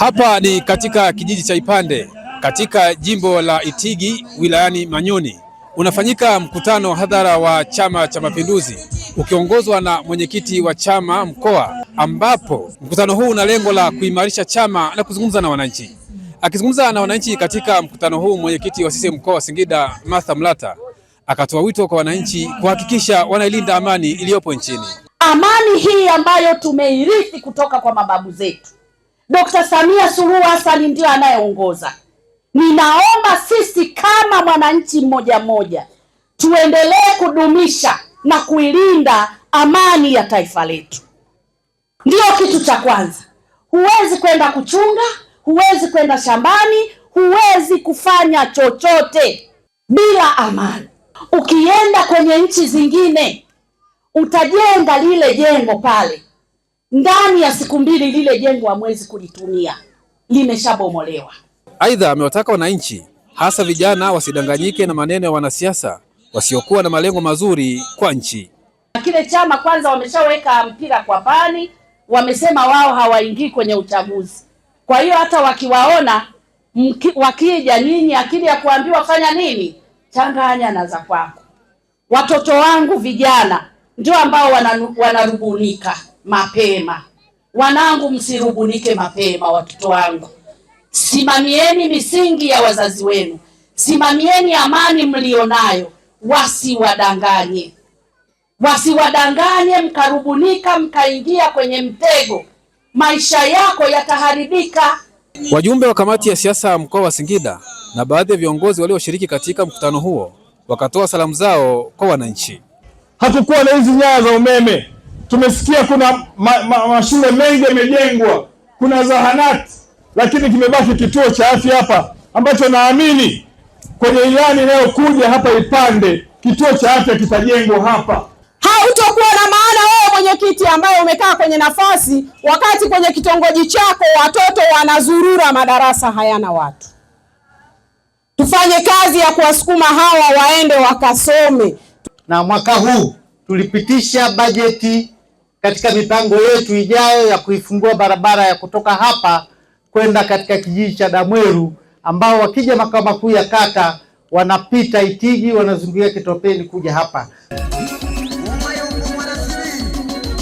Hapa ni katika kijiji cha Ipande katika jimbo la Itigi wilayani Manyoni. Unafanyika mkutano wa hadhara wa Chama cha Mapinduzi ukiongozwa na mwenyekiti wa chama mkoa, ambapo mkutano huu una lengo la kuimarisha chama na kuzungumza na wananchi. Akizungumza na wananchi katika mkutano huu, mwenyekiti wa CCM mkoa wa Singida Martha Mlata akatoa wito kwa wananchi kuhakikisha wanailinda amani iliyopo nchini, amani hii ambayo tumeirithi kutoka kwa mababu zetu Dkt. Samia Suluhu Hassan ndiyo anayeongoza. Ninaomba sisi kama mwananchi mmoja mmoja tuendelee kudumisha na kuilinda amani ya taifa letu, ndiyo kitu cha kwanza. Huwezi kwenda kuchunga, huwezi kwenda shambani, huwezi kufanya chochote bila amani. Ukienda kwenye nchi zingine utajenga lile jengo pale ndani ya siku mbili lile jengo hamwezi kulitumia, limeshabomolewa. Aidha, amewataka wananchi hasa vijana wasidanganyike na maneno ya wanasiasa wasiokuwa na malengo mazuri kwa nchi. Kile chama kwanza, wameshaweka mpira kwa pani, wamesema wao hawaingii kwenye uchaguzi. Kwa hiyo hata wakiwaona mki, wakija nyinyi, akili ya kuambiwa fanya nini, changanya na za kwako. Watoto wangu vijana ndio ambao wanarubunika mapema. Wanangu, msirubunike mapema. Watoto wangu, simamieni misingi ya wazazi wenu, simamieni amani mlionayo, wasiwadanganye, wasiwadanganye mkarubunika, mkaingia kwenye mtego, maisha yako yataharibika. Wajumbe wa kamati ya siasa mkoa wa Singida na baadhi ya viongozi walioshiriki katika mkutano huo wakatoa salamu zao kwa wananchi. Hatukuwa na hizi nyaya za umeme Tumesikia kuna ma, ma, mashule mengi yamejengwa, kuna zahanati, lakini kimebaki kituo cha afya hapa ambacho naamini kwenye ilani inayokuja hapa Ipande kituo cha afya kitajengwa hapa. Hautakuwa na maana wewe mwenyekiti ambaye umekaa kwenye nafasi, wakati kwenye kitongoji chako watoto wanazurura, madarasa hayana watu. Tufanye kazi ya kuwasukuma hawa waende wakasome. Na mwaka huu tulipitisha bajeti katika mipango yetu ijayo ya kuifungua barabara ya kutoka hapa kwenda katika kijiji cha Damweru, ambao wakija makao makuu ya kata wanapita Itigi, wanazungulia Kitopeni kuja hapa.